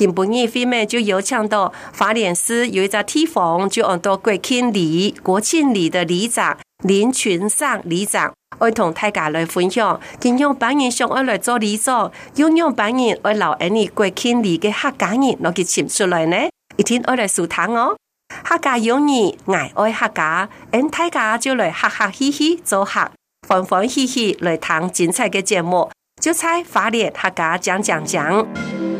今半日呢，就邀請到花蓮市有一個地方，就按到國慶里。國慶里的里長林群山里長，會同大家來分享。今用百年上我來做里長，又用百年我留喺呢國慶里嘅客家人攞佢請出來呢，一定我來舒談哦。客家有兒愛愛客家，咁大家就來客客嘻嘻做客，歡歡喜喜來睇精彩嘅節目，就睇花蓮客家講講講。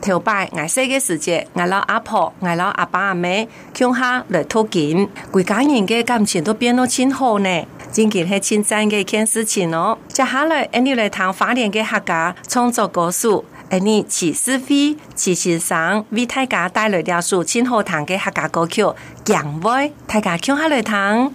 頭擺挨四個時節，挨老阿婆、挨老阿爸阿妹鄉下來討經，一家人嘅感情都變咾親厚呢。今件係親真嘅一件事情咯。接下來，俺哋來談花蓮嘅客家創作故事，俺哋起思飛，起欣賞，為大家帶來一首《親河灘的客家歌曲》，楊威，大家鄉下來聽。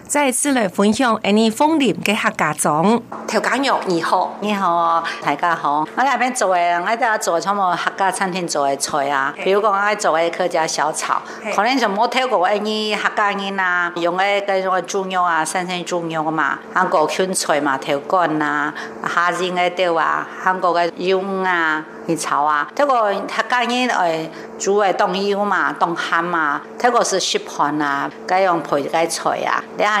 再次來分享啲豐年嘅客家粽，調鹼肉二號。你好，大家好。我喺邊做的，我就做咗我做客家餐廳做嘅菜啊。比如講，我做嘅客家小炒，可能就冇聽過啲客家嘢啊，用嘅嗰種豬肉啊，新鮮豬肉啊嘛，韓國香菜嘛，調乾啊，下邊嘅料啊，韓國嘅腰啊，葉草啊。泰國客家嘢煮嘅凍料嘛，凍餡啊，泰國是食盤啊，咁用配啲菜你啊。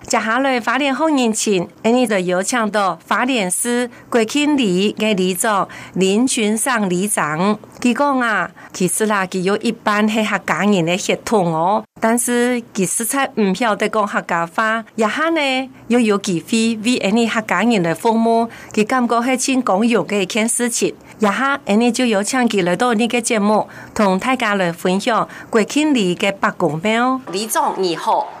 接下來，法聯歡人請，誒，你就邀請到法聯司國慶禮嘅李總，林群生李總。佢講啊，其實啦，佢有一半係客家人嘅血統哦，但是其實才唔曉得講客家話。一下呢，又有，有機會為誒你客家人嘅父母，佢感覺係一件光榮嘅一件事情。一下，誒你就邀請佢來到呢個節目，同大家來分享的白國慶禮嘅八公廟。李總你好。